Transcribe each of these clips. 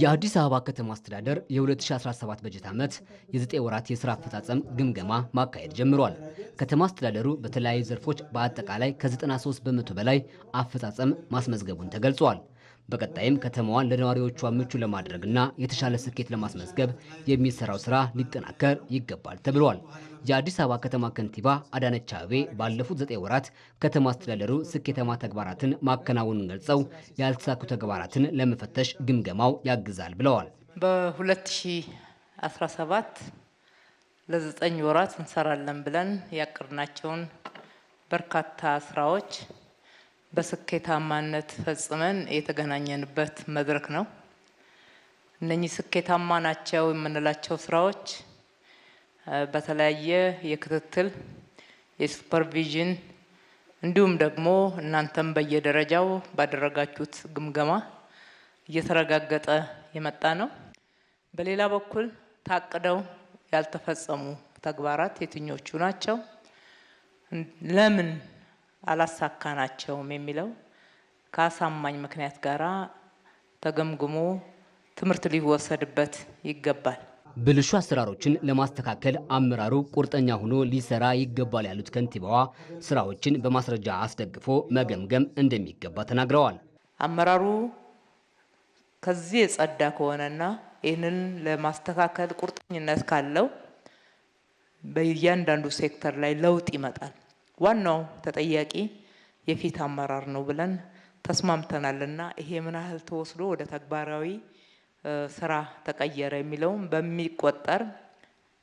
የአዲስ አበባ ከተማ አስተዳደር የ2017 በጀት ዓመት የ9 ወራት የስራ አፈጻጸም ግምገማ ማካሄድ ጀምሯል። ከተማ አስተዳደሩ በተለያዩ ዘርፎች በአጠቃላይ ከ93 በመቶ በላይ አፈጻጸም ማስመዝገቡን ተገልጿል። በቀጣይም ከተማዋን ለነዋሪዎቿ ምቹ ለማድረግና የተሻለ ስኬት ለማስመዝገብ የሚሰራው ስራ ሊጠናከር ይገባል ተብሏል። የአዲስ አበባ ከተማ ከንቲባ አዳነች አቤቤ ባለፉት ዘጠኝ ወራት ከተማ አስተዳደሩ ስኬታማ ተግባራትን ማከናወኑን ገልጸው ያልተሳኩ ተግባራትን ለመፈተሽ ግምገማው ያግዛል ብለዋል። በ2017 ለዘጠኝ ወራት እንሰራለን ብለን ያቀድናቸውን በርካታ ስራዎች በስኬታማነት ፈጽመን የተገናኘንበት መድረክ ነው። እነኚህ ስኬታማ ናቸው የምንላቸው ስራዎች በተለያየ የክትትል የሱፐርቪዥን እንዲሁም ደግሞ እናንተም በየደረጃው ባደረጋችሁት ግምገማ እየተረጋገጠ የመጣ ነው። በሌላ በኩል ታቅደው ያልተፈጸሙ ተግባራት የትኞቹ ናቸው? ለምን አላሳካናቸውም የሚለው ከአሳማኝ ምክንያት ጋር ተገምግሞ ትምህርት ሊወሰድበት ይገባል። ብልሹ አሰራሮችን ለማስተካከል አመራሩ ቁርጠኛ ሆኖ ሊሰራ ይገባል ያሉት ከንቲባዋ ስራዎችን በማስረጃ አስደግፎ መገምገም እንደሚገባ ተናግረዋል። አመራሩ ከዚህ የጸዳ ከሆነና ይህንን ለማስተካከል ቁርጠኝነት ካለው በእያንዳንዱ ሴክተር ላይ ለውጥ ይመጣል። ዋናው ተጠያቂ የፊት አመራር ነው ብለን ተስማምተናል እና ይሄ ምን ያህል ተወስዶ ወደ ተግባራዊ ስራ ተቀየረ የሚለውም በሚቆጠር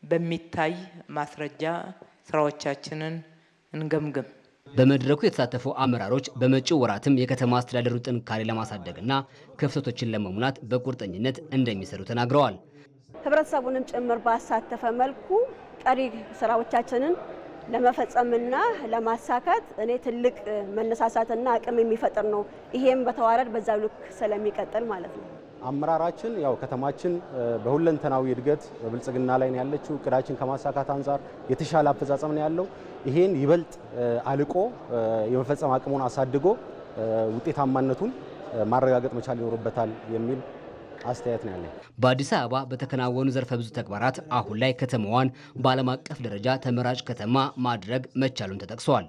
በሚታይ ማስረጃ ስራዎቻችንን እንገምግም። በመድረኩ የተሳተፉ አመራሮች በመጪው ወራትም የከተማ አስተዳደሩ ጥንካሬ ለማሳደግና ክፍተቶችን ለመሙላት በቁርጠኝነት እንደሚሰሩ ተናግረዋል። ህብረተሰቡንም ጭምር ባሳተፈ መልኩ ቀሪ ስራዎቻችንን ለመፈጸምና ለማሳካት እኔ ትልቅ መነሳሳትና አቅም የሚፈጥር ነው። ይሄም በተዋረድ በዛ ልክ ስለሚቀጥል ማለት ነው። አመራራችን ያው ከተማችን በሁለንተናዊ እድገት በብልጽግና ላይ ነው ያለችው። እቅዳችን ከማሳካት አንጻር የተሻለ አፈጻጸም ነው ያለው። ይሄን ይበልጥ አልቆ የመፈጸም አቅሙን አሳድጎ ውጤታማነቱን ማረጋገጥ መቻል ይኖርበታል የሚል አስተያየት ነው ያለኝ። በአዲስ አበባ በተከናወኑ ዘርፈ ብዙ ተግባራት አሁን ላይ ከተማዋን በዓለም አቀፍ ደረጃ ተመራጭ ከተማ ማድረግ መቻሉን ተጠቅሰዋል።